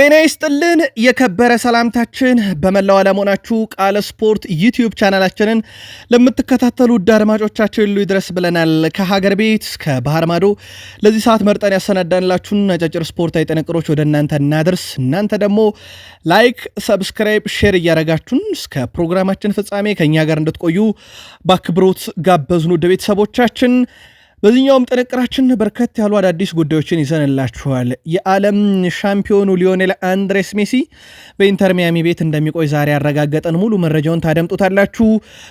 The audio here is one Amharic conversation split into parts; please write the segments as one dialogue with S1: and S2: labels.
S1: ጤና ይስጥልን የከበረ ሰላምታችን በመላው ዓለም ሆናችሁ ቃለ ስፖርት ዩቲዩብ ቻናላችንን ለምትከታተሉ ውድ አድማጮቻችን ሉ ይድረስ ብለናል። ከሀገር ቤት እስከ ባህር ማዶ ለዚህ ሰዓት መርጠን ያሰናዳንላችሁን አጫጭር ስፖርታዊ ጥንቅሮች ወደ እናንተ እናድርስ። እናንተ ደግሞ ላይክ፣ ሰብስክራይብ፣ ሼር እያደረጋችሁን እስከ ፕሮግራማችን ፍጻሜ ከእኛ ጋር እንድትቆዩ በአክብሮት ጋበዝኑ ውድ ቤተሰቦቻችን። በዚህኛውም ጥንቅራችን በርከት ያሉ አዳዲስ ጉዳዮችን ይዘንላችኋል። የዓለም ሻምፒዮኑ ሊዮኔል አንድሬስ ሜሲ በኢንተር ሚያሚ ቤት እንደሚቆይ ዛሬ ያረጋገጠን ሙሉ መረጃውን ታደምጡታላችሁ።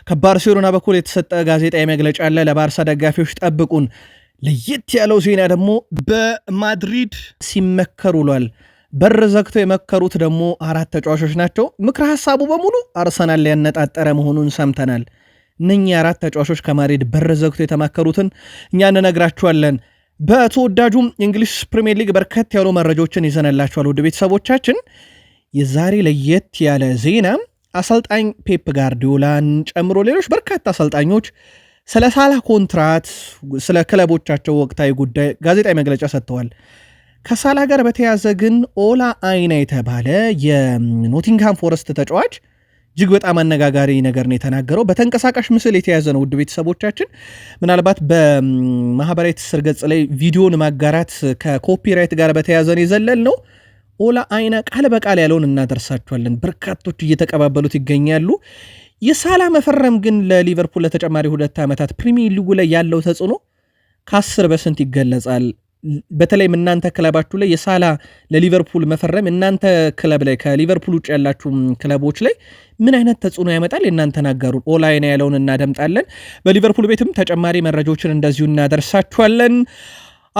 S1: ከባርሴሎና በኩል የተሰጠ ጋዜጣዊ መግለጫ አለ። ለባርሳ ደጋፊዎች ጠብቁን። ለየት ያለው ዜና ደግሞ በማድሪድ ሲመከር ውሏል። በር ዘግተው የመከሩት ደግሞ አራት ተጫዋቾች ናቸው። ምክረ ሀሳቡ በሙሉ አርሰናል ሊያነጣጠረ መሆኑን ሰምተናል። እነኚህ አራት ተጫዋቾች ከማድሪድ በር ዘግቶ የተማከሩትን እኛ እንነግራችኋለን። በተወዳጁም እንግሊዝ ፕሪምየር ሊግ በርከት ያሉ መረጃዎችን ይዘነላችኋል። ውድ ቤተሰቦቻችን የዛሬ ለየት ያለ ዜና አሰልጣኝ ፔፕ ጋርዲዮላን ጨምሮ ሌሎች በርካታ አሰልጣኞች ስለ ሳላ ኮንትራት፣ ስለ ክለቦቻቸው ወቅታዊ ጉዳይ ጋዜጣዊ መግለጫ ሰጥተዋል። ከሳላ ጋር በተያዘ ግን ኦላ አይና የተባለ የኖቲንግሃም ፎረስት ተጫዋች እጅግ በጣም አነጋጋሪ ነገር ነው የተናገረው። በተንቀሳቃሽ ምስል የተያዘ ነው። ውድ ቤተሰቦቻችን ምናልባት በማህበራዊ ትስስር ገጽ ላይ ቪዲዮን ማጋራት ከኮፒራይት ጋር በተያዘ ነው የዘለል ነው። ኦላ አይና ቃል በቃል ያለውን እናደርሳችኋለን። በርካቶች እየተቀባበሉት ይገኛሉ። የሳላ መፈረም ግን ለሊቨርፑል ለተጨማሪ ሁለት ዓመታት ፕሪሚየር ሊጉ ላይ ያለው ተጽዕኖ ከአስር በስንት ይገለጻል? በተለይም እናንተ ክለባችሁ ላይ የሳላ ለሊቨርፑል መፈረም እናንተ ክለብ ላይ ከሊቨርፑል ውጭ ያላችሁ ክለቦች ላይ ምን አይነት ተጽዕኖ ያመጣል? እናንተ ናገሩ። ኦላይና ያለውን እናደምጣለን። በሊቨርፑል ቤትም ተጨማሪ መረጃዎችን እንደዚሁ እናደርሳችኋለን።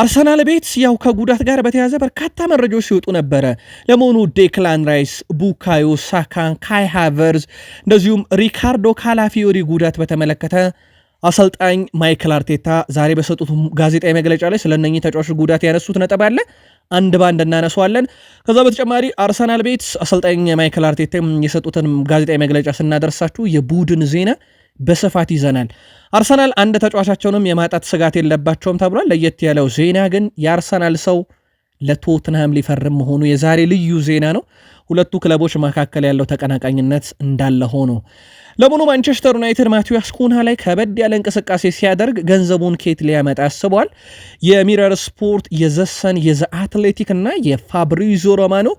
S1: አርሰናል ቤት ያው ከጉዳት ጋር በተያዘ በርካታ መረጃዎች ሲወጡ ነበረ። ለመሆኑ ዴክላን ራይስ፣ ቡካዮ ሳካን፣ ካይ ሃቨርዝ እንደዚሁም ሪካርዶ ካላፊዮሪ ጉዳት በተመለከተ አሰልጣኝ ማይክል አርቴታ ዛሬ በሰጡት ጋዜጣዊ መግለጫ ላይ ስለ እነኚህ ተጫዋቾች ጉዳት ያነሱት ነጥብ አለ። አንድ ባንድ እናነሷለን። ከዛ በተጨማሪ አርሰናል ቤት አሰልጣኝ ማይክል አርቴታ የሰጡትን ጋዜጣዊ መግለጫ ስናደርሳችሁ የቡድን ዜና በስፋት ይዘናል። አርሰናል አንድ ተጫዋቻቸውንም የማጣት ስጋት የለባቸውም ተብሏል። ለየት ያለው ዜና ግን የአርሰናል ሰው ለቶትንሃም ሊፈርም መሆኑ የዛሬ ልዩ ዜና ነው። ሁለቱ ክለቦች መካከል ያለው ተቀናቃኝነት እንዳለ ሆኖ ለመሆኑ ማንቸስተር ዩናይትድ ማቲያስ ኩንሃ ላይ ከበድ ያለ እንቅስቃሴ ሲያደርግ ገንዘቡን ኬት ሊያመጣ አስቧል? የሚረር ስፖርት የዘሰን የዘ አትሌቲክ እና የፋብሪዞ ሮማኖ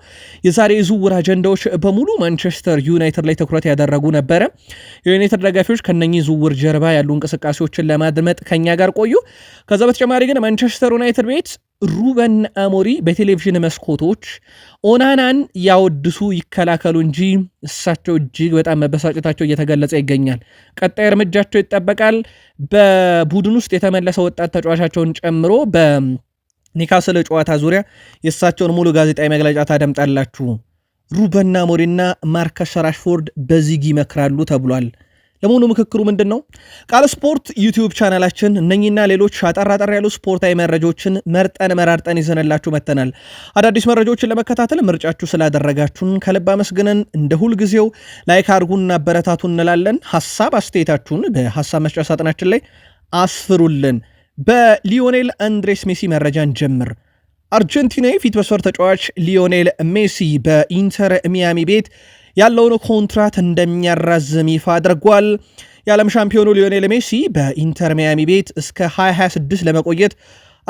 S1: የዛሬ የዝውውር አጀንዳዎች በሙሉ ማንቸስተር ዩናይትድ ላይ ትኩረት ያደረጉ ነበረ። የዩናይትድ ደጋፊዎች ከነኚህ ዝውውር ጀርባ ያሉ እንቅስቃሴዎችን ለማድመጥ ከኛ ጋር ቆዩ። ከዛ በተጨማሪ ግን ማንቸስተር ዩናይትድ ቤት ሩበን አሞሪ በቴሌቪዥን መስኮቶች ኦናናን ያወድሱ ይከላከሉ እንጂ እሳቸው እጅግ በጣም መበሳጨታቸው እየተገለጸ ይገኛል። ቀጣይ እርምጃቸው ይጠበቃል። በቡድን ውስጥ የተመለሰ ወጣት ተጫዋቻቸውን ጨምሮ በኒካስል ጨዋታ ዙሪያ የእሳቸውን ሙሉ ጋዜጣዊ መግለጫ ታደምጣላችሁ። ሩበን አሞሪና ማርከስ ራሽፎርድ በዚግ ይመክራሉ ተብሏል። ለመሆኑ ምክክሩ ምንድን ነው? ቃል ስፖርት ዩቲዩብ ቻናላችን እነኚህና ሌሎች አጠር አጠር ያሉ ስፖርታዊ መረጃዎችን መርጠን መራርጠን ይዘንላችሁ መጥተናል። አዳዲስ መረጃዎችን ለመከታተል ምርጫችሁ ስላደረጋችሁን ከልብ አመስግነን እንደ ሁልጊዜው ላይክ አድርጉና አበረታቱ እንላለን። ሀሳብ አስተያየታችሁን በሀሳብ መስጫ ሳጥናችን ላይ አስፍሩልን። በሊዮኔል አንድሬስ ሜሲ መረጃን ጀምር አርጀንቲናዊ ፊት መስመር ተጫዋች ሊዮኔል ሜሲ በኢንተር ሚያሚ ቤት ያለውን ኮንትራት እንደሚያራዝም ይፋ አድርጓል። የዓለም ሻምፒዮኑ ሊዮኔል ሜሲ በኢንተር ሚያሚ ቤት እስከ 2026 ለመቆየት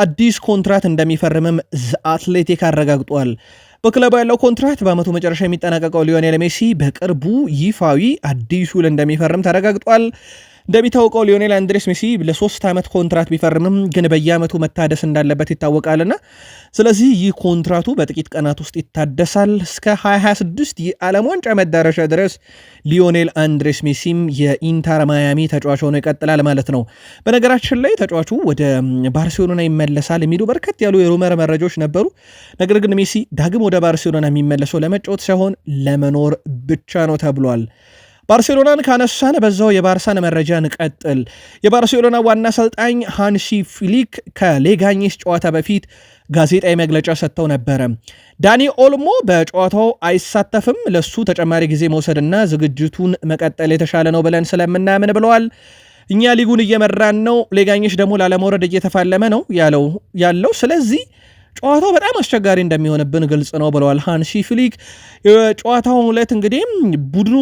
S1: አዲስ ኮንትራት እንደሚፈርምም ዘ አትሌቲክ አረጋግጧል። በክለቡ ያለው ኮንትራት በዓመቱ መጨረሻ የሚጠናቀቀው ሊዮኔል ሜሲ በቅርቡ ይፋዊ አዲስ ውል እንደሚፈርም ተረጋግጧል። እንደሚታወቀው ሊዮኔል አንድሬስ ሜሲ ለሶስት ዓመት ኮንትራት ቢፈርምም ግን በየዓመቱ መታደስ እንዳለበት ይታወቃልና ስለዚህ ይህ ኮንትራቱ በጥቂት ቀናት ውስጥ ይታደሳል። እስከ 2026 የዓለም ዋንጫ መዳረሻ ድረስ ሊዮኔል አንድሬስ ሜሲም የኢንተር ማያሚ ተጫዋች ሆኖ ይቀጥላል ማለት ነው። በነገራችን ላይ ተጫዋቹ ወደ ባርሴሎና ይመለሳል የሚሉ በርከት ያሉ የሩመር መረጃዎች ነበሩ። ነገር ግን ሜሲ ዳግም ወደ ባርሴሎና የሚመለሰው ለመጫወት ሳይሆን ለመኖር ብቻ ነው ተብሏል። ባርሴሎናን ካነሳን በዛው የባርሳን መረጃ እንቀጥል። የባርሴሎና ዋና አሰልጣኝ ሃንሲ ፊሊክ ከሌጋኝስ ጨዋታ በፊት ጋዜጣዊ መግለጫ ሰጥተው ነበረ። ዳኒ ኦልሞ በጨዋታው አይሳተፍም፣ ለሱ ተጨማሪ ጊዜ መውሰድና ዝግጅቱን መቀጠል የተሻለ ነው ብለን ስለምናምን ብለዋል። እኛ ሊጉን እየመራን ነው፣ ሌጋኝሽ ደግሞ ላለመውረድ እየተፋለመ ነው ያለው ያለው ስለዚህ ጨዋታው በጣም አስቸጋሪ እንደሚሆንብን ግልጽ ነው ብለዋል ሃንሺ ፍሊክ። የጨዋታውን ዕለት እንግዲህ ቡድኑ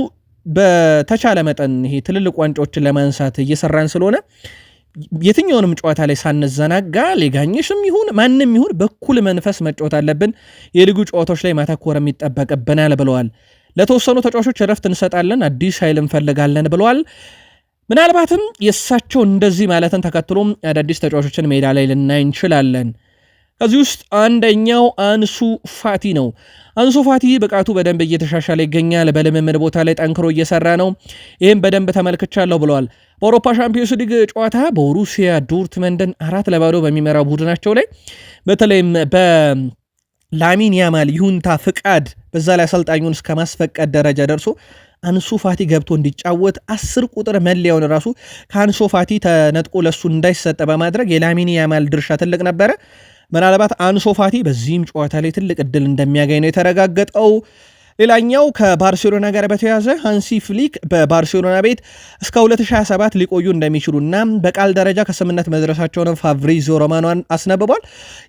S1: በተቻለ መጠን ይሄ ትልልቅ ዋንጫዎችን ለማንሳት እየሰራን ስለሆነ የትኛውንም ጨዋታ ላይ ሳንዘናጋ ሌጋኝሽም ይሁን ማንም ይሁን በኩል መንፈስ መጫወት አለብን፣ የልዩ ጨዋታዎች ላይ ማተኮር የሚጠበቅብናል ብለዋል። ለተወሰኑ ተጫዋቾች እረፍት እንሰጣለን፣ አዲስ ኃይል እንፈልጋለን ብለዋል። ምናልባትም የእሳቸው እንደዚህ ማለትን ተከትሎም አዳዲስ ተጫዋቾችን ሜዳ ላይ ልናይ እንችላለን። ከዚህ ውስጥ አንደኛው አንሱ ፋቲ ነው። አንሱ ፋቲ ብቃቱ በደንብ እየተሻሻለ ይገኛል። በልምምድ ቦታ ላይ ጠንክሮ እየሰራ ነው። ይህም በደንብ ተመልክቻለሁ ብለዋል። በአውሮፓ ሻምፒዮንስ ሊግ ጨዋታ በሩሲያ ዶርትመንድን አራት ለባዶ በሚመራው ቡድናቸው ላይ በተለይም በላሚን ያማል ይሁንታ ፍቃድ በዛ ላይ አሰልጣኙን እስከ ማስፈቀድ ደረጃ ደርሶ አንሱ ፋቲ ገብቶ እንዲጫወት አስር ቁጥር መለያውን ራሱ ከአንሱ ፋቲ ተነጥቆ ለሱ እንዳይሰጠ በማድረግ የላሚን ያማል ድርሻ ትልቅ ነበረ። ምናልባት አንሶፋቲ ፋቲ በዚህም ጨዋታ ላይ ትልቅ እድል እንደሚያገኝ ነው የተረጋገጠው። ሌላኛው ከባርሴሎና ጋር በተያያዘ ሃንሲ ፍሊክ በባርሴሎና ቤት እስከ 2027 ሊቆዩ እንደሚችሉና በቃል ደረጃ ከስምነት መድረሳቸውንም ፋብሪዞ ሮማኖን አስነብቧል።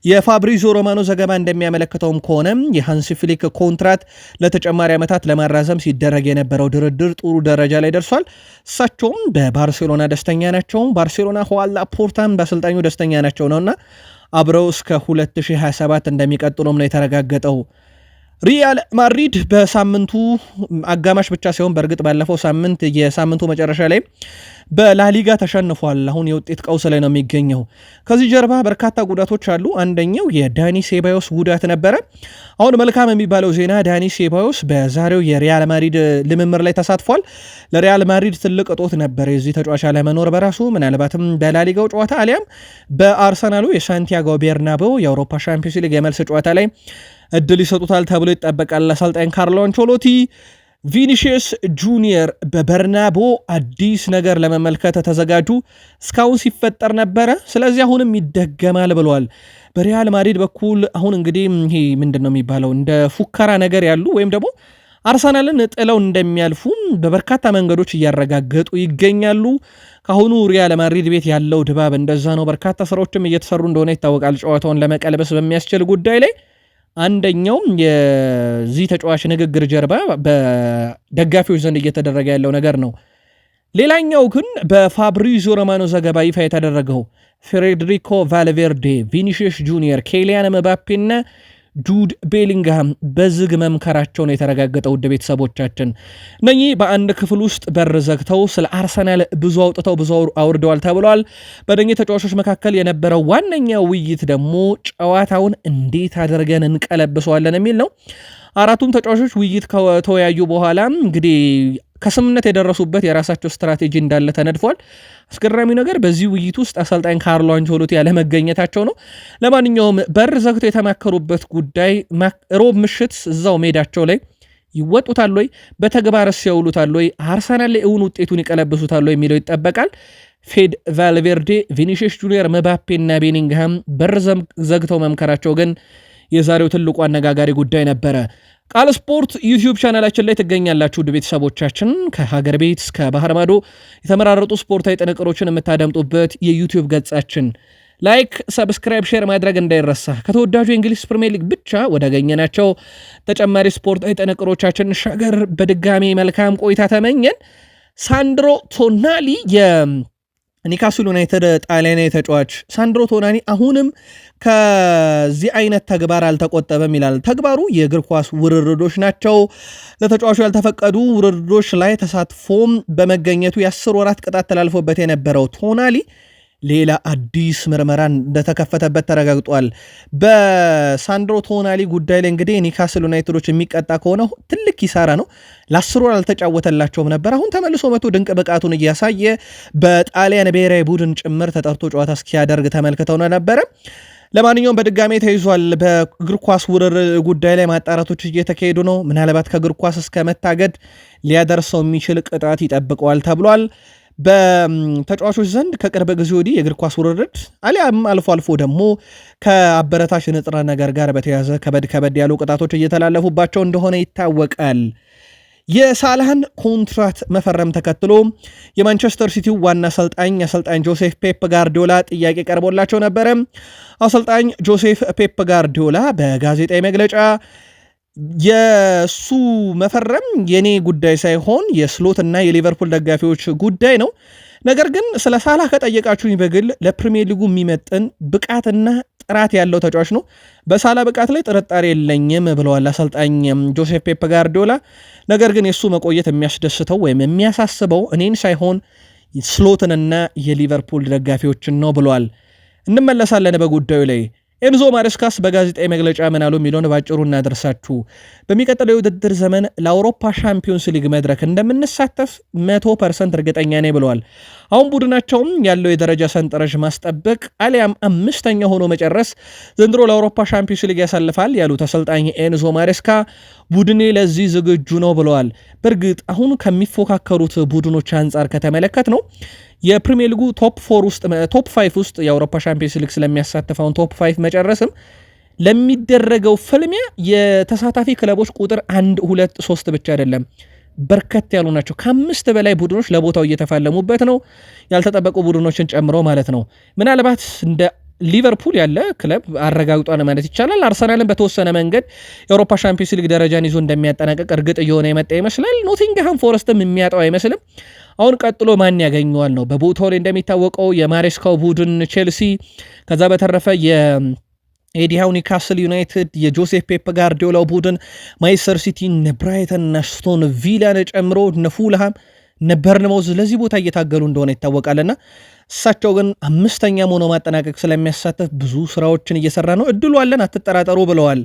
S1: የፋብሪዞ ሮማኖ ዘገባ እንደሚያመለክተውም ከሆነ የሃንሲ ፍሊክ ኮንትራት ለተጨማሪ ዓመታት ለማራዘም ሲደረግ የነበረው ድርድር ጥሩ ደረጃ ላይ ደርሷል። እሳቸውም በባርሴሎና ደስተኛ ናቸው። ባርሴሎና ኋላ ፖርታም በአሰልጣኙ ደስተኛ ናቸው ነውና አብረው እስከ 2027 እንደሚቀጥሉም ነው የተረጋገጠው። ሪያል ማድሪድ በሳምንቱ አጋማሽ ብቻ ሲሆን በእርግጥ ባለፈው ሳምንት የሳምንቱ መጨረሻ ላይ በላሊጋ ተሸንፏል። አሁን የውጤት ቀውስ ላይ ነው የሚገኘው። ከዚህ ጀርባ በርካታ ጉዳቶች አሉ። አንደኛው የዳኒ ሴባዮስ ጉዳት ነበረ። አሁን መልካም የሚባለው ዜና ዳኒ ሴባዮስ በዛሬው የሪያል ማድሪድ ልምምር ላይ ተሳትፏል። ለሪያል ማድሪድ ትልቅ እጦት ነበረ የዚህ ተጫዋች አለመኖር በራሱ ምናልባትም በላሊጋው ጨዋታ አሊያም በአርሰናሉ የሳንቲያጎ ቤርናቦ የአውሮፓ ሻምፒዮንስ ሊግ የመልስ ጨዋታ ላይ እድል ይሰጡታል ተብሎ ይጠበቃል። አሰልጣኝ ካርሎ አንቾሎቲ ቪኒሽስ ጁኒየር በበርናቦ አዲስ ነገር ለመመልከት ተዘጋጁ፣ እስካሁን ሲፈጠር ነበረ፣ ስለዚህ አሁንም ይደገማል ብለዋል። በሪያል ማድሪድ በኩል አሁን እንግዲህ ይሄ ምንድን ነው የሚባለው እንደ ፉከራ ነገር ያሉ ወይም ደግሞ አርሰናልን ጥለው እንደሚያልፉ በበርካታ መንገዶች እያረጋገጡ ይገኛሉ። ከአሁኑ ሪያል ማድሪድ ቤት ያለው ድባብ እንደዛ ነው። በርካታ ስራዎችም እየተሰሩ እንደሆነ ይታወቃል። ጨዋታውን ለመቀልበስ በሚያስችል ጉዳይ ላይ አንደኛው የዚህ ተጫዋች ንግግር ጀርባ በደጋፊዎች ዘንድ እየተደረገ ያለው ነገር ነው። ሌላኛው ግን በፋብሪዞ ሮማኖ ዘገባ ይፋ የተደረገው ፍሬድሪኮ ቫልቬርዴ፣ ቪኒሽስ ጁኒየር፣ ኬሊያን መባፔና ጁድ ቤሊንግሃም በዝግ መምከራቸውን የተረጋገጠ ውድ ቤተሰቦቻችን እነኚህ በአንድ ክፍል ውስጥ በር ዘግተው ስለ አርሰናል ብዙ አውጥተው ብዙ አውርደዋል ተብለዋል። በእነኚህ ተጫዋቾች መካከል የነበረው ዋነኛ ውይይት ደግሞ ጨዋታውን እንዴት አድርገን እንቀለብሰዋለን የሚል ነው። አራቱም ተጫዋቾች ውይይት ከተወያዩ በኋላ እንግዲህ ከስምነት የደረሱበት የራሳቸው ስትራቴጂ እንዳለ ተነድፏል። አስገራሚ ነገር በዚህ ውይይት ውስጥ አሰልጣኝ ካርሎ አንቸሎቲ ያለመገኘታቸው ነው። ለማንኛውም በር ዘግተው የተማከሩበት ጉዳይ ሮብ ምሽት እዛው ሜዳቸው ላይ ይወጡታል ወይ፣ በተግባርስ ያውሉታል ወይ፣ አርሰናል ላይ እውን ውጤቱን ይቀለብሱታል ወይ የሚለው ይጠበቃል። ፌድ ቫልቬርዴ፣ ቪኒሺየስ ጁኒየር፣ መባፔና ቤኒንግሃም በር ዘግተው መምከራቸው ግን የዛሬው ትልቁ አነጋጋሪ ጉዳይ ነበረ። ቃል ስፖርት ዩቲዩብ ቻናላችን ላይ ትገኛላችሁ። ውድ ቤተሰቦቻችን ከሀገር ቤት እስከ ባህር ማዶ የተመራረጡ ስፖርታዊ ጥንቅሮችን የምታደምጡበት የዩቲዩብ ገጻችን ላይክ፣ ሰብስክራይብ፣ ሼር ማድረግ እንዳይረሳ። ከተወዳጁ የእንግሊዝ ፕሪምየር ሊግ ብቻ ወዳገኘናቸው ተጨማሪ ስፖርታዊ ጥንቅሮቻችን ሸገር በድጋሚ መልካም ቆይታ ተመኘን። ሳንድሮ ቶናሊ ኒካስል ዩናይትድ ጣሊያናዊ ተጫዋች ሳንድሮ ቶናኒ አሁንም ከዚህ አይነት ተግባር አልተቆጠበም ይላል። ተግባሩ የእግር ኳስ ውርርዶች ናቸው። ለተጫዋቹ ያልተፈቀዱ ውርርዶች ላይ ተሳትፎም በመገኘቱ የአስር ወራት ቅጣት ተላልፎበት የነበረው ቶናሊ ሌላ አዲስ ምርመራ እንደተከፈተበት ተረጋግጧል። በሳንድሮ ቶናሊ ጉዳይ ላይ እንግዲህ ኒካስል ዩናይትዶች የሚቀጣ ከሆነ ትልቅ ኪሳራ ነው። ለአስር ወር አልተጫወተላቸውም ነበር። አሁን ተመልሶ መቶ ድንቅ ብቃቱን እያሳየ በጣሊያን ብሔራዊ ቡድን ጭምር ተጠርቶ ጨዋታ እስኪያደርግ ተመልክተው ነበረ። ለማንኛውም በድጋሜ ተይዟል። በእግር ኳስ ውርር ጉዳይ ላይ ማጣራቶች እየተካሄዱ ነው። ምናልባት ከእግር ኳስ እስከ መታገድ ሊያደርሰው የሚችል ቅጣት ይጠብቀዋል ተብሏል። በተጫዋቾች ዘንድ ከቅርብ ጊዜ ወዲህ የእግር ኳስ ውርርድ አሊያም አልፎ አልፎ ደግሞ ከአበረታሽ ንጥረ ነገር ጋር በተያያዘ ከበድ ከበድ ያሉ ቅጣቶች እየተላለፉባቸው እንደሆነ ይታወቃል። የሳላህን ኮንትራት መፈረም ተከትሎ የማንቸስተር ሲቲው ዋና አሰልጣኝ አሰልጣኝ ጆሴፍ ፔፕ ጋርዲዮላ ጥያቄ ቀርቦላቸው ነበረ። አሰልጣኝ ጆሴፍ ፔፕ ጋርዲዮላ በጋዜጣዊ መግለጫ የእሱ መፈረም የኔ ጉዳይ ሳይሆን እና የሊቨርፑል ደጋፊዎች ጉዳይ ነው። ነገር ግን ስለ ሳላህ ከጠየቃችሁኝ በግል ለፕሪሚየር ሊጉ የሚመጥን ብቃትና ጥራት ያለው ተጫዋች ነው። በሳላ ብቃት ላይ ጥርጣሬ የለኝም ብለዋል አሰልጣኝ ጆሴፍ ፔፕ ጋርዲዮላ። ነገር ግን የእሱ መቆየት የሚያስደስተው ወይም የሚያሳስበው እኔን ሳይሆን ስሎትንና የሊቨርፑል ደጋፊዎችን ነው ብለዋል። እንመለሳለን በጉዳዩ ላይ ኤንዞ ማሬስካስ በጋዜጣዊ መግለጫ ምን አሉ የሚለውን ባጭሩ እናደርሳችሁ። በሚቀጥለው የውድድር ዘመን ለአውሮፓ ሻምፒዮንስ ሊግ መድረክ እንደምንሳተፍ መቶ ፐርሰንት እርግጠኛ ነኝ ብለዋል። አሁን ቡድናቸውም ያለው የደረጃ ሰንጠረዥ ማስጠበቅ አሊያም አምስተኛ ሆኖ መጨረስ ዘንድሮ ለአውሮፓ ሻምፒዮንስ ሊግ ያሳልፋል ያሉት አሰልጣኝ ኤንዞ ማሬስካ ቡድኔ ለዚህ ዝግጁ ነው ብለዋል። በእርግጥ አሁን ከሚፎካከሩት ቡድኖች አንጻር ከተመለከት ነው የፕሪሚየር ሊጉ ቶፕ ፎር ውስጥ ቶፕ ፋይቭ ውስጥ የአውሮፓ ሻምፒዮንስ ሊግ ስለሚያሳትፈውን ቶፕ ፋይቭ መጨረስም ለሚደረገው ፍልሚያ የተሳታፊ ክለቦች ቁጥር አንድ ሁለት ሶስት ብቻ አይደለም በርከት ያሉ ናቸው። ከአምስት በላይ ቡድኖች ለቦታው እየተፋለሙበት ነው፣ ያልተጠበቁ ቡድኖችን ጨምሮ ማለት ነው። ምናልባት እንደ ሊቨርፑል ያለ ክለብ አረጋግጧል ማለት ይቻላል። አርሰናልን በተወሰነ መንገድ የአውሮፓ ሻምፒዮንስ ሊግ ደረጃን ይዞ እንደሚያጠናቀቅ እርግጥ እየሆነ የመጣ ይመስላል። ኖቲንግሃም ፎረስትም የሚያጣው አይመስልም። አሁን ቀጥሎ ማን ያገኘዋል ነው። በቦታው ላይ እንደሚታወቀው የማሬስካው ቡድን ቼልሲ፣ ከዛ በተረፈ ኤዲሃው ኒካስል ዩናይትድ የጆሴፍ ፔፕ ጋርዲዮላው ቡድን ማይስተር ሲቲ ነብራይተንና ስቶን ቪላን ጨምሮ ነፉልሃም ነበርንመውዝ ለዚህ ቦታ እየታገሉ እንደሆነ ይታወቃልና እሳቸው ግን አምስተኛ ሆኖ ማጠናቀቅ ስለሚያሳተፍ ብዙ ስራዎችን እየሰራ ነው። እድሉ አለን አትጠራጠሩ ብለዋል።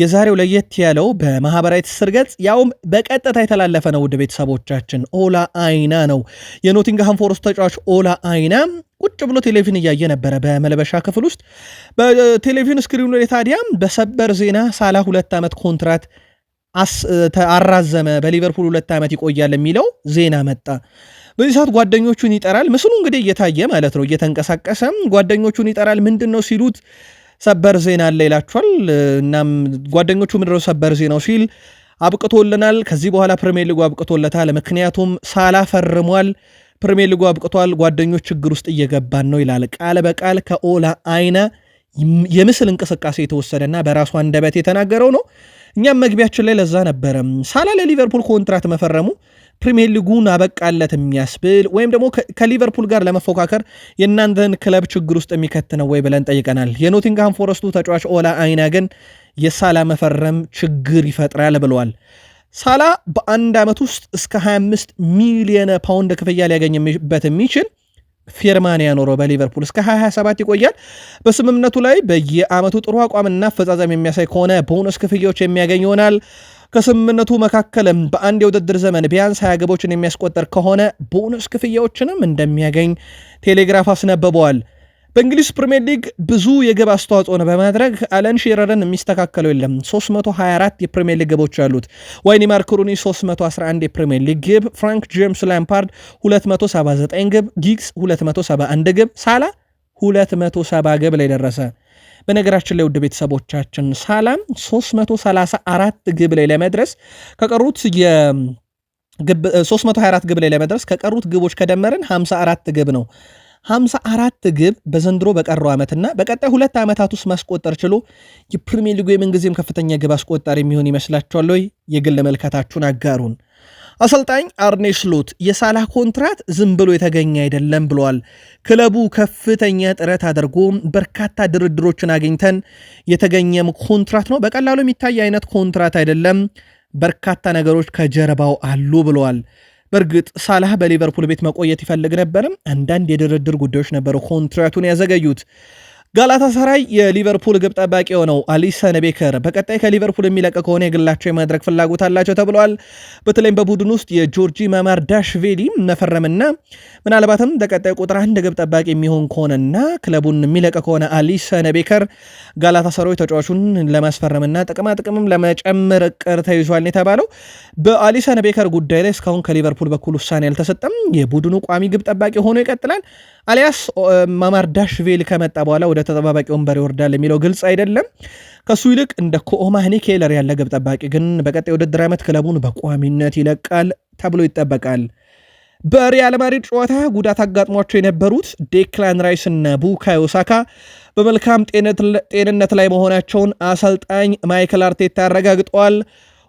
S1: የዛሬው ለየት ያለው በማህበራዊ ትስስር ገጽ ያውም በቀጥታ የተላለፈ ነው። ውድ ቤተሰቦቻችን ኦላ አይና ነው። የኖቲንግሃም ፎረስት ተጫዋች ኦላ አይና ቁጭ ብሎ ቴሌቪዥን እያየ ነበረ በመልበሻ ክፍል ውስጥ። በቴሌቪዥን ስክሪኑ ላይ ታዲያም በሰበር ዜና ሳላ ሁለት ዓመት ኮንትራት አራዘመ፣ በሊቨርፑል ሁለት ዓመት ይቆያል የሚለው ዜና መጣ። በዚህ ሰዓት ጓደኞቹን ይጠራል። ምስሉ እንግዲህ እየታየ ማለት ነው፣ እየተንቀሳቀሰ ጓደኞቹን ይጠራል። ምንድን ነው ሲሉት ሰበር ዜና አለ ይላችኋል። እናም ጓደኞቹ ምድረው ሰበር ዜናው ሲል አብቅቶልናል፣ ከዚህ በኋላ ፕሪሚየር ሊጉ አብቅቶለታል። ምክንያቱም ሳላ ፈርሟል፣ ፕሪሚየር ሊጉ አብቅቷል፣ ጓደኞች ችግር ውስጥ እየገባን ነው ይላል። ቃል በቃል ከኦላ አይና የምስል እንቅስቃሴ የተወሰደና በራሱ አንደበት የተናገረው ነው። እኛም መግቢያችን ላይ ለዛ ነበረ ሳላ ለሊቨርፑል ኮንትራት መፈረሙ ፕሪሚየር ሊጉን አበቃለት የሚያስብል ወይም ደግሞ ከሊቨርፑል ጋር ለመፎካከር የእናንተን ክለብ ችግር ውስጥ የሚከት ነው ወይ ብለን ጠይቀናል። የኖቲንግሃም ፎረስቱ ተጫዋች ኦላ አይና ግን የሳላ መፈረም ችግር ይፈጥራል ብለዋል። ሳላ በአንድ ዓመት ውስጥ እስከ 25 ሚሊየን ፓውንድ ክፍያ ሊያገኝበት የሚችል ፌርማን ያኖረው በሊቨርፑል እስከ 27 ይቆያል። በስምምነቱ ላይ በየዓመቱ ጥሩ አቋምና አፈጻጸም የሚያሳይ ከሆነ ቦነስ ክፍያዎች የሚያገኝ ይሆናል። ከስምምነቱ መካከልም በአንድ የውድድር ዘመን ቢያንስ ሀያ ግቦችን የሚያስቆጠር ከሆነ ቦነስ ክፍያዎችንም እንደሚያገኝ ቴሌግራፍ አስነብበዋል። በእንግሊዝ ፕሪምየር ሊግ ብዙ የግብ አስተዋጽኦን በማድረግ አለን ሺረርን የሚስተካከለው የለም። 324 የፕሪምየር ሊግ ግቦች አሉት። ዋይኒ ማርክሩኒ 311 የፕሪምየር ሊግ ግብ፣ ፍራንክ ጄምስ ላምፓርድ 279 ግብ፣ ጊግስ 271 ግብ፣ ሳላ 270 ግብ ላይ ደረሰ። በነገራችን ላይ ውድ ቤተሰቦቻችን ሳላም 334 ግብ ላይ ለመድረስ ከቀሩት የ 324 ግብ ላይ ለመድረስ ከቀሩት ግቦች ከደመርን 54 ግብ ነው። 54 ግብ በዘንድሮ በቀረው ዓመትና በቀጣይ ሁለት ዓመታት ውስጥ ማስቆጠር ችሎ የፕሪሚየር ሊጉ የምንጊዜም ከፍተኛ ግብ አስቆጣሪ የሚሆን ይመስላችኋል ወይ? የግል መልከታችሁን አጋሩን። አሰልጣኝ አርኔ ስሎት የሳላህ ኮንትራት ዝም ብሎ የተገኘ አይደለም ብለዋል። ክለቡ ከፍተኛ ጥረት አድርጎ በርካታ ድርድሮችን አግኝተን የተገኘም ኮንትራት ነው። በቀላሉ የሚታይ አይነት ኮንትራት አይደለም። በርካታ ነገሮች ከጀርባው አሉ ብለዋል። በእርግጥ ሳላህ በሊቨርፑል ቤት መቆየት ይፈልግ ነበርም። አንዳንድ የድርድር ጉዳዮች ነበሩ ኮንትራቱን ያዘገዩት። ጋላታ ሰራይ የሊቨርፑል ግብ ጠባቂ የሆነው አሊሰን ቤከር በቀጣይ ከሊቨርፑል የሚለቅ ከሆነ የግላቸው የማድረግ ፍላጎት አላቸው ተብለዋል። በተለይም በቡድን ውስጥ የጆርጂ ዳሽቬሊ መፈረምና ምናልባትም በቀጣይ ቁጥር አንድ ግብ ጠባቂ የሚሆን ከሆነና ክለቡን የሚለቅ ከሆነ አሊሰን ቤከር ሰራዊ ተጫዋቹን ለማስፈረምና ጥቅማጥቅምም ለመጨመር እቅድ ተይዟል የተባለው። በአሊሰን ቤከር ጉዳይ ላይ እስካሁን ከሊቨርፑል በኩል ውሳኔ አልተሰጠም። የቡድኑ ቋሚ ግብ ጠባቂ ሆኖ ይቀጥላል አሊያስ ማማርዳሽቪሊ ከመጣ በኋላ ወደ ተጠባባቂ ወንበር ይወርዳል የሚለው ግልጽ አይደለም። ከሱ ይልቅ እንደ ኮኦማህኒ ኬለር ያለ ግብ ጠባቂ ግን በቀጣይ የውድድር ዓመት ክለቡን በቋሚነት ይለቃል ተብሎ ይጠበቃል። በሪያል ማድሪድ ጨዋታ ጉዳት አጋጥሟቸው የነበሩት ዴክላን ራይስ እና ቡካዮ ሳካ በመልካም ጤንነት ላይ መሆናቸውን አሰልጣኝ ማይክል አርቴታ አረጋግጠዋል።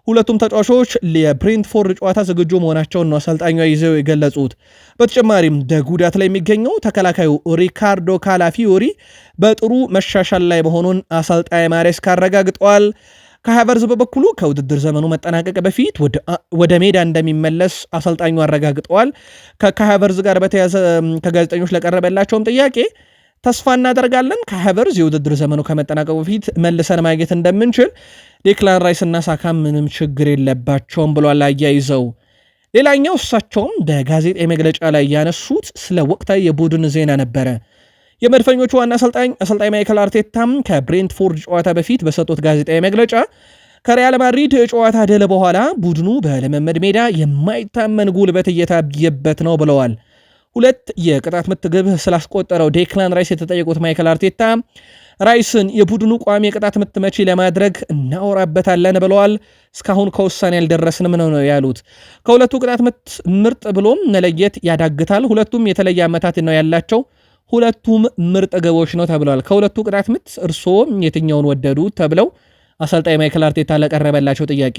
S1: ሁለቱም ተጫዋቾች የብሬንትፎርድ ጨዋታ ዝግጁ መሆናቸውን ነው አሰልጣኙ ይዘው የገለጹት። በተጨማሪም በጉዳት ላይ የሚገኘው ተከላካዩ ሪካርዶ ካላፊዮሪ በጥሩ መሻሻል ላይ መሆኑን አሰልጣኝ ማሬስካ አረጋግጠዋል። ከሃቨርዝ በበኩሉ ከውድድር ዘመኑ መጠናቀቅ በፊት ወደ ሜዳ እንደሚመለስ አሰልጣኙ አረጋግጠዋል። ከሃቨርዝ ጋር በተያዘ ከጋዜጠኞች ለቀረበላቸውም ጥያቄ ተስፋ እናደርጋለን ከሃቨርዝ የውድድር ዘመኑ ከመጠናቀቁ በፊት መልሰን ማግኘት እንደምንችል ዴክላን እና ሳካ ምንም ችግር የለባቸውም ብሏል አያይዘው። ሌላኛው እሳቸውም በጋዜጣዊ መግለጫ ላይ ያነሱት ስለ ወቅታዊ የቡድን ዜና ነበረ። የመድፈኞቹ ዋና አሰልጣኝ አሰልጣኝ ማይክል አርቴታም ከብሬንትፎርድ ጨዋታ በፊት በሰጡት ጋዜጣዊ መግለጫ ከሪያል ማድሪድ ጨዋታ ድል በኋላ ቡድኑ በልምምድ ሜዳ የማይታመን ጉልበት እየታየበት ነው ብለዋል። ሁለት የቅጣት ምት ግብ ስላስቆጠረው ዴክላን ራይስ የተጠየቁት ማይክል አርቴታ ራይስን የቡድኑ ቋሚ የቅጣት ምት መቺ ለማድረግ እናወራበታለን ብለዋል። እስካሁን ከውሳኔ ያልደረስንም ነው ነው ያሉት። ከሁለቱ ቅጣት ምት ምርጥ ብሎም መለየት ያዳግታል። ሁለቱም የተለየ አመታት ነው ያላቸው። ሁለቱም ምርጥ ግቦች ነው ተብለዋል። ከሁለቱ ቅጣት ምት እርስዎ የትኛውን ወደዱ ተብለው አሰልጣኝ ማይክል አርቴታ ለቀረበላቸው ጥያቄ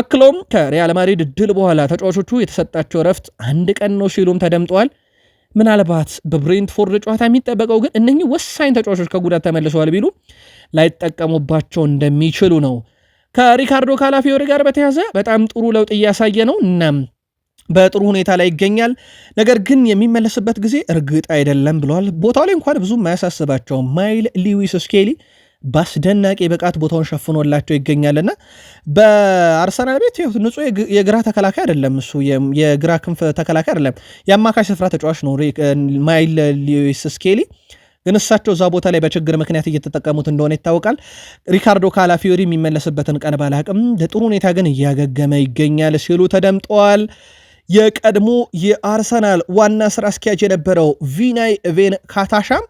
S1: አክሎም ከሪያል ማድሪድ ድል በኋላ ተጫዋቾቹ የተሰጣቸው እረፍት አንድ ቀን ነው ሲሉም ተደምጠዋል። ምናልባት በብሬንትፎርድ ጨዋታ የሚጠበቀው ግን እነኚህ ወሳኝ ተጫዋቾች ከጉዳት ተመልሰዋል ቢሉ ላይጠቀሙባቸው እንደሚችሉ ነው። ከሪካርዶ ካላፊዮሪ ጋር በተያዘ በጣም ጥሩ ለውጥ እያሳየ ነው እና በጥሩ ሁኔታ ላይ ይገኛል። ነገር ግን የሚመለስበት ጊዜ እርግጥ አይደለም ብለዋል። ቦታው ላይ እንኳን ብዙም አያሳስባቸውም። ማይል ሊዊስ ስኬሊ በአስደናቂ ብቃት ቦታውን ሸፍኖላቸው ይገኛልና በአርሰናል ቤት ንጹህ የግራ ተከላካይ አይደለም። እሱ የግራ ክንፍ ተከላካይ አይደለም፣ የአማካይ ስፍራ ተጫዋች ነው ማይል ሊዊስ ስኬሊ። ግን እሳቸው እዛ ቦታ ላይ በችግር ምክንያት እየተጠቀሙት እንደሆነ ይታወቃል። ሪካርዶ ካላፊዮሪ የሚመለስበትን ቀን ባላቅም ለጥሩ ሁኔታ ግን እያገገመ ይገኛል ሲሉ ተደምጠዋል። የቀድሞ የአርሰናል ዋና ስራ አስኪያጅ የነበረው ቪናይ ቬን ካታሻም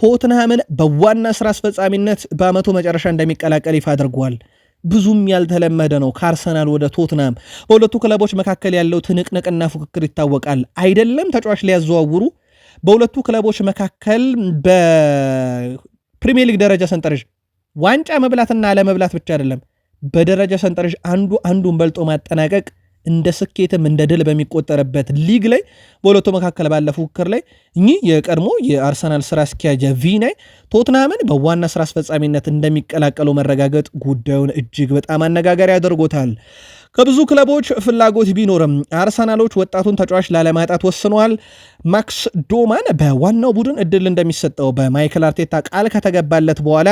S1: ቶትንሃምን በዋና ስራ አስፈጻሚነት በአመቱ መጨረሻ እንደሚቀላቀል ይፋ አድርጓል። ብዙም ያልተለመደ ነው። ከአርሰናል ወደ ቶትናም በሁለቱ ክለቦች መካከል ያለው ትንቅንቅና ፉክክር ይታወቃል። አይደለም ተጫዋች ሊያዘዋውሩ በሁለቱ ክለቦች መካከል በፕሪሚየር ሊግ ደረጃ ሰንጠረዥ ዋንጫ መብላትና አለመብላት ብቻ አይደለም። በደረጃ ሰንጠረዥ አንዱ አንዱን በልጦ ማጠናቀቅ እንደ ስኬትም እንደ ድል በሚቆጠርበት ሊግ ላይ በሁለቱ መካከል ባለ ፉክክር ላይ እኚህ የቀድሞ የአርሰናል ስራ አስኪያጅ ቪናይ ቶትናምን በዋና ስራ አስፈጻሚነት እንደሚቀላቀሉ መረጋገጥ ጉዳዩን እጅግ በጣም አነጋጋሪ አድርጎታል። ከብዙ ክለቦች ፍላጎት ቢኖርም አርሰናሎች ወጣቱን ተጫዋች ላለማጣት ወስነዋል። ማክስ ዶማን በዋናው ቡድን እድል እንደሚሰጠው በማይክል አርቴታ ቃል ከተገባለት በኋላ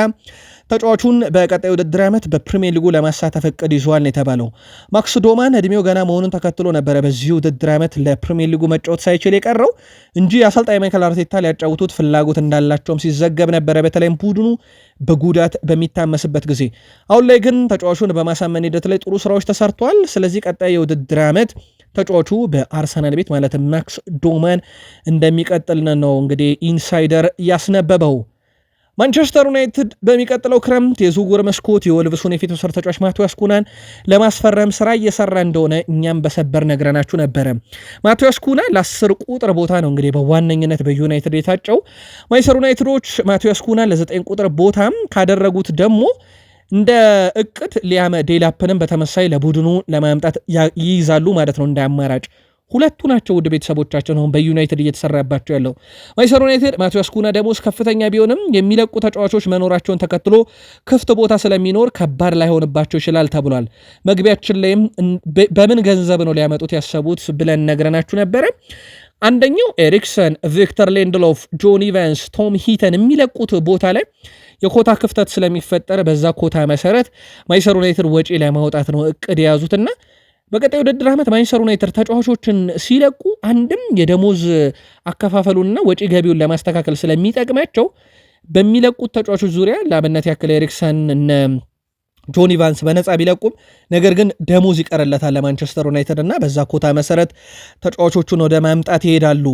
S1: ተጫዋቹን በቀጣይ ውድድር ዓመት በፕሪሚየር ሊጉ ለማሳተፍ እቅድ ይዟል ነው የተባለው። ማክስ ዶማን እድሜው ገና መሆኑን ተከትሎ ነበረ በዚህ ውድድር ዓመት ለፕሪሚየር ሊጉ መጫወት ሳይችል የቀረው እንጂ አሰልጣኝ ማይከል አርቴታ ሊያጫውቱት ፍላጎት እንዳላቸውም ሲዘገብ ነበረ፣ በተለይም ቡድኑ በጉዳት በሚታመስበት ጊዜ። አሁን ላይ ግን ተጫዋቹን በማሳመን ሂደት ላይ ጥሩ ስራዎች ተሰርቷል። ስለዚህ ቀጣይ የውድድር ዓመት ተጫዋቹ በአርሰናል ቤት ማለትም ማክስ ዶማን እንደሚቀጥል ነው እንግዲህ ኢንሳይደር ያስነበበው። ማንቸስተር ዩናይትድ በሚቀጥለው ክረምት የዝውውር መስኮት የወልቭሱን የፊት መስመር ተጫዋች ማቲያስ ኩናን ለማስፈረም ስራ እየሰራ እንደሆነ እኛም በሰበር ነግረናችሁ ነበረ። ማቲያስ ኩና ለአስር ቁጥር ቦታ ነው እንግዲህ በዋነኝነት በዩናይትድ የታጨው። ማንቸስተር ዩናይትዶች ማቲያስ ኩና ለዘጠኝ ቁጥር ቦታም ካደረጉት ደግሞ እንደ እቅድ ሊያመ ዴላፕንም በተመሳይ ለቡድኑ ለማምጣት ይይዛሉ ማለት ነው እንደ አማራጭ ሁለቱ ናቸው ውድ ቤተሰቦቻቸው ነው በዩናይትድ እየተሰራባቸው ያለው። ማንቸስተር ዩናይትድ ማቴዎስ ኩና ደሞዝ ከፍተኛ ቢሆንም የሚለቁ ተጫዋቾች መኖራቸውን ተከትሎ ክፍት ቦታ ስለሚኖር ከባድ ላይሆንባቸው ይችላል ተብሏል። መግቢያችን ላይም በምን ገንዘብ ነው ሊያመጡት ያሰቡት ብለን ነግረናችሁ ነበረ። አንደኛው ኤሪክሰን፣ ቪክተር ሌንድሎፍ፣ ጆን ኢቫንስ፣ ቶም ሂተን የሚለቁት ቦታ ላይ የኮታ ክፍተት ስለሚፈጠር በዛ ኮታ መሰረት ማንቸስተር ዩናይትድ ወጪ ለማውጣት ነው እቅድ የያዙትና በቀጣይ ውድድር ዓመት ማንቸስተር ዩናይትድ ተጫዋቾችን ሲለቁ አንድም የደሞዝ አከፋፈሉንና ወጪ ገቢውን ለማስተካከል ስለሚጠቅማቸው በሚለቁት ተጫዋቾች ዙሪያ ለአብነት ያክል ኤሪክሰን እነ ጆኒ ቫንስ በነፃ ቢለቁም ነገር ግን ደሞዝ ይቀርለታል ለማንቸስተር ዩናይትድ እና በዛ ኮታ መሰረት ተጫዋቾቹን ወደ ማምጣት ይሄዳሉ።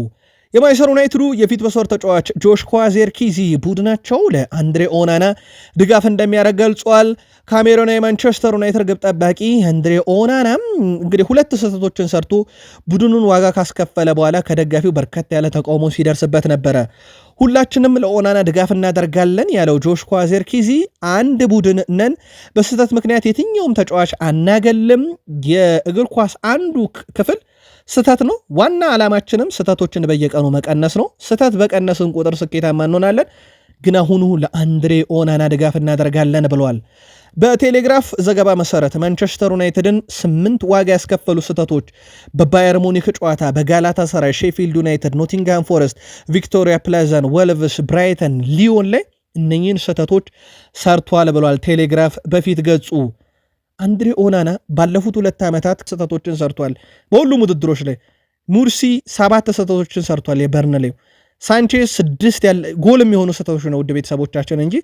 S1: የማይሰር ዩናይትዱ የፊት መስመር ተጫዋች ጆሽኳ ዜርኪዚ ቡድናቸው ለአንድሬ ኦናና ድጋፍ እንደሚያደርግ ገልጿል። ካሜሮና የማንቸስተር ዩናይትድ ግብ ጠባቂ አንድሬ ኦናና እንግዲህ ሁለት ስህተቶችን ሰርቶ ቡድኑን ዋጋ ካስከፈለ በኋላ ከደጋፊው በርከት ያለ ተቃውሞ ሲደርስበት ነበረ። ሁላችንም ለኦናና ድጋፍ እናደርጋለን ያለው ጆሽኳ ዜርኪዚ አንድ ቡድን ነን፣ በስህተት ምክንያት የትኛውም ተጫዋች አናገልም፣ የእግር ኳስ አንዱ ክፍል ስህተት ነው። ዋና ዓላማችንም ስህተቶችን በየቀኑ መቀነስ ነው። ስህተት በቀነስን ቁጥር ስኬታማ እንሆናለን። ግን አሁኑ ለአንድሬ ኦናና ድጋፍ እናደርጋለን ብለዋል። በቴሌግራፍ ዘገባ መሰረት ማንቸስተር ዩናይትድን ስምንት ዋጋ ያስከፈሉ ስህተቶች በባየር ሙኒክ ጨዋታ በጋላታ ሰራይ፣ ሼፊልድ ዩናይትድ፣ ኖቲንግሃም ፎረስት፣ ቪክቶሪያ ፕላዛን፣ ወልቭስ፣ ብራይተን፣ ሊዮን ላይ እነኚህን ስህተቶች ሰርቷል ብሏል ቴሌግራፍ በፊት ገጹ አንድሬ ኦናና ባለፉት ሁለት ዓመታት ስህተቶችን ሰርቷል። በሁሉም ውድድሮች ላይ ሙርሲ ሰባት ስህተቶችን ሰርቷል። የበርንሌው ሳንቼዝ ስድስት ያለ ጎል የሚሆኑ ስህተቶች ነው ውድ ቤተሰቦቻችን፣ እንጂ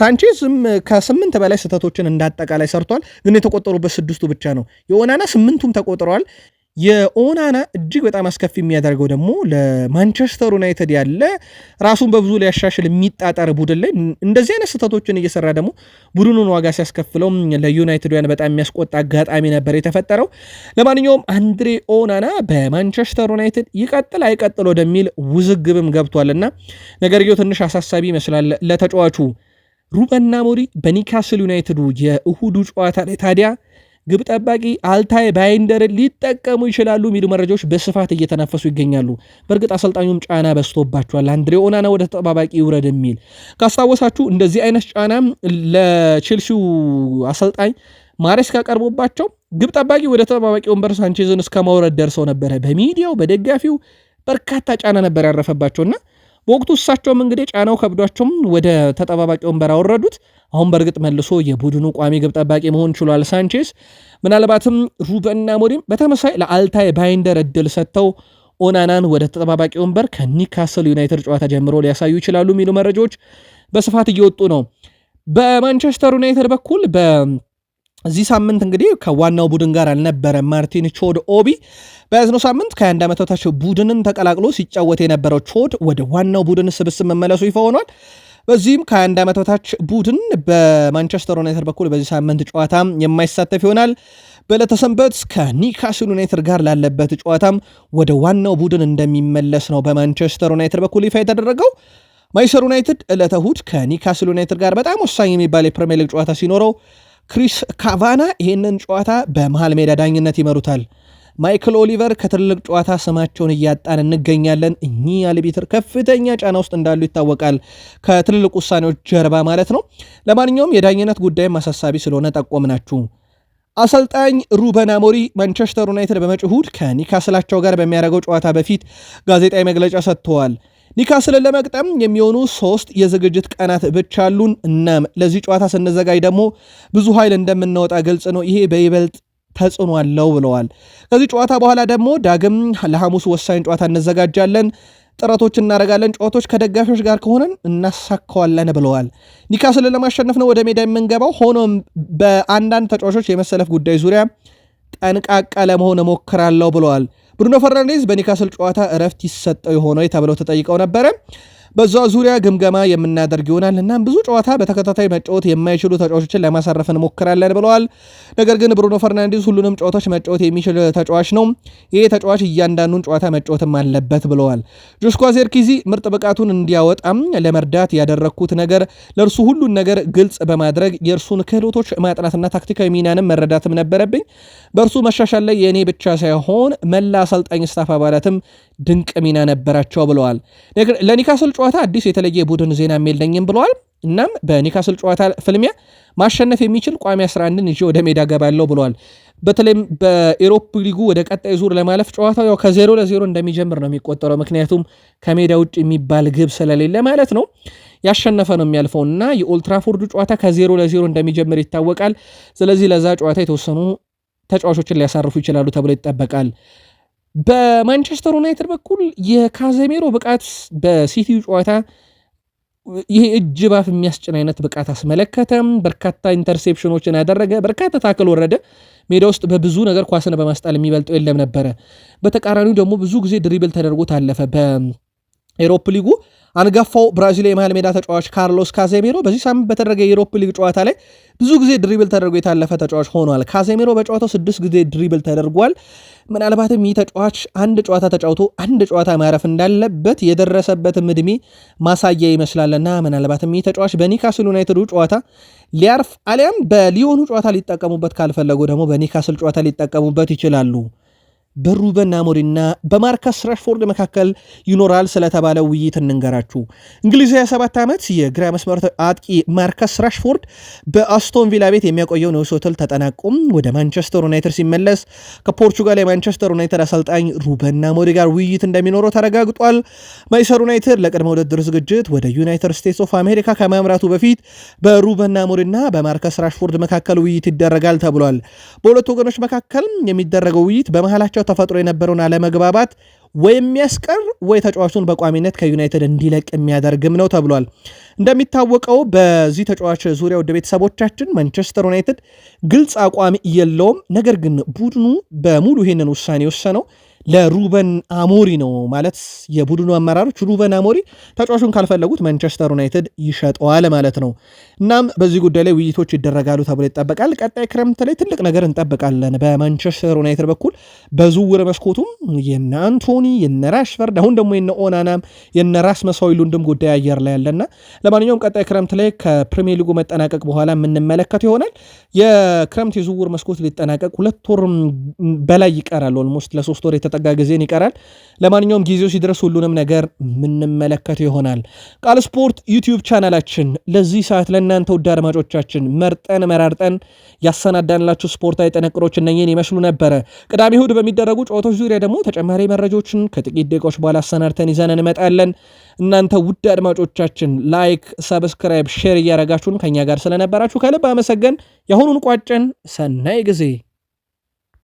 S1: ሳንቼዝም ከስምንት በላይ ስህተቶችን እንዳጠቃላይ ሰርቷል። ግን የተቆጠሩበት ስድስቱ ብቻ ነው። የኦናና ስምንቱም ተቆጥረዋል። የኦናና እጅግ በጣም አስከፊ የሚያደርገው ደግሞ ለማንቸስተር ዩናይትድ ያለ ራሱን በብዙ ሊያሻሽል የሚጣጠር ቡድን ላይ እንደዚህ አይነት ስህተቶችን እየሰራ ደግሞ ቡድኑን ዋጋ ሲያስከፍለውም ያን በጣም የሚያስቆጣ አጋጣሚ ነበር የተፈጠረው። ለማንኛውም አንድሬ ኦናና በማንቸስተር ዩናይትድ ይቀጥል አይቀጥል ወደሚል ውዝግብም ገብቷልና ነገርየው ትንሽ አሳሳቢ ይመስላል ለተጫዋቹ። ሩበን አሞሪም በኒካስል ዩናይትዱ የእሁዱ ጨዋታ ላይ ታዲያ ግብ ጠባቂ አልታይ ባይንደርን ሊጠቀሙ ይችላሉ የሚሉ መረጃዎች በስፋት እየተናፈሱ ይገኛሉ። በእርግጥ አሰልጣኙም ጫና በስቶባቸዋል። አንድሬ ኦናና ወደ ተጠባባቂ ይውረድ የሚል ካስታወሳችሁ፣ እንደዚህ አይነት ጫና ለቼልሲው አሰልጣኝ ማሬስካ ቀርቦባቸው ግብ ጠባቂ ወደ ተጠባባቂ ወንበር ሳንቼዝን እስከ ማውረድ ደርሰው ነበረ። በሚዲያው በደጋፊው በርካታ ጫና ነበር ያረፈባቸውና በወቅቱ እሳቸውም እንግዲህ ጫናው ከብዷቸውም ወደ ተጠባባቂ ወንበር አወረዱት። አሁን በእርግጥ መልሶ የቡድኑ ቋሚ ግብ ጠባቂ መሆን ችሏል ሳንቼዝ። ምናልባትም ሩበን አሞሪም በተመሳይ ለአልታይ ባይንደር እድል ሰጥተው ኦናናን ወደ ተጠባባቂ ወንበር ከኒካስል ዩናይትድ ጨዋታ ጀምሮ ሊያሳዩ ይችላሉ የሚሉ መረጃዎች በስፋት እየወጡ ነው። በማንቸስተር ዩናይትድ በኩል በ እዚህ ሳምንት እንግዲህ ከዋናው ቡድን ጋር አልነበረ። ማርቲን ቾድ ኦቢ በያዝነው ሳምንት ከ21 ዓመት በታች ቡድንን ተቀላቅሎ ሲጫወት የነበረው ቾድ ወደ ዋናው ቡድን ስብስብ መመለሱ ይፋ ሆኗል። በዚህም ከ21 ዓመት በታች ቡድን በማንቸስተር ዩናይትድ በኩል በዚህ ሳምንት ጨዋታ የማይሳተፍ ይሆናል። በለተሰንበት ከኒካስል ዩናይትድ ጋር ላለበት ጨዋታም ወደ ዋናው ቡድን እንደሚመለስ ነው በማንቸስተር ዩናይትድ በኩል ይፋ የተደረገው። ማይሰር ዩናይትድ ዕለተ እሁድ ከኒካስል ዩናይትድ ጋር በጣም ወሳኝ የሚባል የፕሪሚየር ሊግ ጨዋታ ሲኖረው ክሪስ ካቫና ይህንን ጨዋታ በመሃል ሜዳ ዳኝነት ይመሩታል። ማይክል ኦሊቨር ከትልቅ ጨዋታ ስማቸውን እያጣን እንገኛለን። እኚህ አልቢትር ከፍተኛ ጫና ውስጥ እንዳሉ ይታወቃል፣ ከትልልቅ ውሳኔዎች ጀርባ ማለት ነው። ለማንኛውም የዳኝነት ጉዳይም አሳሳቢ ስለሆነ ጠቆምናችሁ። አሰልጣኝ ሩበን አሞሪ ማንቸስተር ዩናይትድ በመጪው እሁድ ከኒካስላቸው ጋር በሚያደርገው ጨዋታ በፊት ጋዜጣዊ መግለጫ ሰጥተዋል። ኒካስልን ለመቅጠም የሚሆኑ ሶስት የዝግጅት ቀናት ብቻ አሉን። እናም ለዚህ ጨዋታ ስንዘጋጅ ደግሞ ብዙ ኃይል እንደምናወጣ ግልጽ ነው። ይሄ በይበልጥ ተጽዕኖ አለው ብለዋል። ከዚህ ጨዋታ በኋላ ደግሞ ዳግም ለሐሙስ ወሳኝ ጨዋታ እንዘጋጃለን ጥረቶች እናደርጋለን። ጨዋታዎች ከደጋፊዎች ጋር ከሆነን እናሳካዋለን ብለዋል። ኒካስልን ለማሸነፍ ነው ወደ ሜዳ የምንገባው። ሆኖም በአንዳንድ ተጫዋቾች የመሰለፍ ጉዳይ ዙሪያ ጠንቃቃ ለመሆን እሞክራለሁ ብለዋል። ብሩኖ ፈርናንዴዝ በኒካስል ጨዋታ እረፍት ይሰጠው የሆነ ተብለው ተጠይቀው ነበረ። በዛ ዙሪያ ግምገማ የምናደርግ ይሆናል። እናም ብዙ ጨዋታ በተከታታይ መጫወት የማይችሉ ተጫዋቾችን ለማሳረፍ እንሞክራለን ብለዋል። ነገር ግን ብሩኖ ፈርናንዴዝ ሁሉንም ጨዋታዎች መጫወት የሚችል ተጫዋች ነው። ይሄ ተጫዋች እያንዳንዱን ጨዋታ መጫወትም አለበት ብለዋል። ጆሽኳ ዜርኪዚ ምርጥ ብቃቱን እንዲያወጣም ለመርዳት ያደረግኩት ነገር ለእርሱ ሁሉን ነገር ግልጽ በማድረግ የእርሱን ክህሎቶች ማጥናትና ታክቲካዊ ሚናንም መረዳትም ነበረብኝ። በእርሱ መሻሻል ላይ የእኔ ብቻ ሳይሆን መላ አሰልጣኝ ስታፍ አባላትም ድንቅ ሚና ነበራቸው ብለዋል። ለኒካስል ጨዋታ አዲስ የተለየ ቡድን ዜና የለኝም ብለዋል። እናም በኒካስል ጨዋታ ፍልሚያ ማሸነፍ የሚችል ቋሚ 11ን ይዤ ወደ ሜዳ ገባለሁ ብለዋል። በተለይም በኤሮፕ ሊጉ ወደ ቀጣይ ዙር ለማለፍ ጨዋታው ያው ከዜሮ ለዜሮ እንደሚጀምር ነው የሚቆጠረው። ምክንያቱም ከሜዳ ውጭ የሚባል ግብ ስለሌለ ማለት ነው። ያሸነፈ ነው የሚያልፈው እና የኦልትራፎርዱ ጨዋታ ከዜሮ ለዜሮ እንደሚጀምር ይታወቃል። ስለዚህ ለዛ ጨዋታ የተወሰኑ ተጫዋቾችን ሊያሳርፉ ይችላሉ ተብሎ ይጠበቃል። በማንቸስተር ዩናይትድ በኩል የካዘሜሮ ብቃት በሲቲው ጨዋታ ይሄ እጅ ባፍ የሚያስጭን አይነት ብቃት አስመለከተም። በርካታ ኢንተርሴፕሽኖችን ያደረገ፣ በርካታ ታክል ወረደ። ሜዳ ውስጥ በብዙ ነገር ኳስን በማስጣል የሚበልጠው የለም ነበረ። በተቃራኒው ደግሞ ብዙ ጊዜ ድሪብል ተደርጎ ታለፈ። የሮፕ ሊጉ አንጋፋው ብራዚላዊ የመሃል ሜዳ ተጫዋች ካርሎስ ካዜሜሮ በዚህ ሳምንት በተደረገ የዩሮፕ ሊግ ጨዋታ ላይ ብዙ ጊዜ ድሪብል ተደርጎ የታለፈ ተጫዋች ሆኗል። ካዜሜሮ በጨዋታው ስድስት ጊዜ ድሪብል ተደርጓል። ምናልባትም ይህ ተጫዋች አንድ ጨዋታ ተጫውቶ አንድ ጨዋታ ማረፍ እንዳለበት የደረሰበትም እድሜ ማሳያ ይመስላልና ምናልባትም ይህ ተጫዋች በኒካስል ዩናይትዱ ጨዋታ ሊያርፍ አሊያም በሊዮኑ ጨዋታ ሊጠቀሙበት ካልፈለጉ ደግሞ በኒካስል ጨዋታ ሊጠቀሙበት ይችላሉ። በሩበን አሞሪና በማርከስ ራሽፎርድ መካከል ይኖራል ስለተባለው ውይይት እንንገራችሁ። እንግሊዝ 27 ዓመት የግራ መስመር አጥቂ ማርከስ ራሽፎርድ በአስቶን ቪላ ቤት የሚያቆየው የውሰት ውል ተጠናቁም ወደ ማንቸስተር ዩናይትድ ሲመለስ ከፖርቹጋል የማንቸስተር ዩናይትድ አሰልጣኝ ሩበን አሞሪም ጋር ውይይት እንደሚኖረው ተረጋግጧል። ማይሰር ዩናይትድ ለቅድመ ውድድር ዝግጅት ወደ ዩናይትድ ስቴትስ ኦፍ አሜሪካ ከማምራቱ በፊት በሩበን አሞሪምና በማርከስ ራሽፎርድ መካከል ውይይት ይደረጋል ተብሏል። በሁለቱ ወገኖች መካከል የሚደረገው ውይይት በመሃላቸው መካከላቸው ተፈጥሮ የነበረውን አለመግባባት ወይ የሚያስቀር ወይ ተጫዋቹን በቋሚነት ከዩናይትድ እንዲለቅ የሚያደርግም ነው ተብሏል። እንደሚታወቀው በዚህ ተጫዋች ዙሪያ ውድ ቤተሰቦቻችን ማንቸስተር ዩናይትድ ግልጽ አቋም የለውም። ነገር ግን ቡድኑ በሙሉ ይህንን ውሳኔ የወሰነው ለሩበን አሞሪ ነው ማለት የቡድኑ አመራሮች ሩበን አሞሪ ተጫዋቹን ካልፈለጉት ማንቸስተር ዩናይትድ ይሸጠዋል ማለት ነው። እናም በዚህ ጉዳይ ላይ ውይይቶች ይደረጋሉ ተብሎ ይጠበቃል። ቀጣይ ክረምት ላይ ትልቅ ነገር እንጠብቃለን በማንቸስተር ዩናይትድ በኩል በዝውውር መስኮቱም የነ አንቶኒ የነ ራሽፈርድ አሁን ደግሞ የነ ኦናናም የነ ራስመስ ሆይሉንድም ጉዳይ አየር ላይ ያለና ለማንኛውም ቀጣይ ክረምት ላይ ከፕሪሚየር ሊጉ መጠናቀቅ በኋላ የምንመለከት ይሆናል። የክረምት የዝውውር መስኮት ሊጠናቀቅ ሁለት ወር በላይ ይቀራል። ኦልሞስት ለሶስት ወር የተጠጋ ጊዜን ይቀራል። ለማንኛውም ጊዜው ሲደርስ ሁሉንም ነገር የምንመለከተው ይሆናል። ቃል ስፖርት ዩቲዩብ ቻናላችን ለዚህ ሰዓት ለእናንተ ውድ አድማጮቻችን መርጠን መራርጠን ያሰናዳንላችሁ ስፖርታዊ ጥንቅሮች እነኝን ይመስሉ ነበረ። ቅዳሜ እሁድ በሚደረጉ ጨዋታዎች ዙሪያ ደግሞ ተጨማሪ መረጃዎችን ከጥቂት ደቂቃዎች በኋላ አሰናድተን ይዘን እንመጣለን። እናንተ ውድ አድማጮቻችን ላይክ፣ ሰብስክራይብ፣ ሼር እያረጋችሁን ከኛ ጋር ስለነበራችሁ ከልብ አመሰገን። የአሁኑን ቋጨን። ሰናይ ጊዜ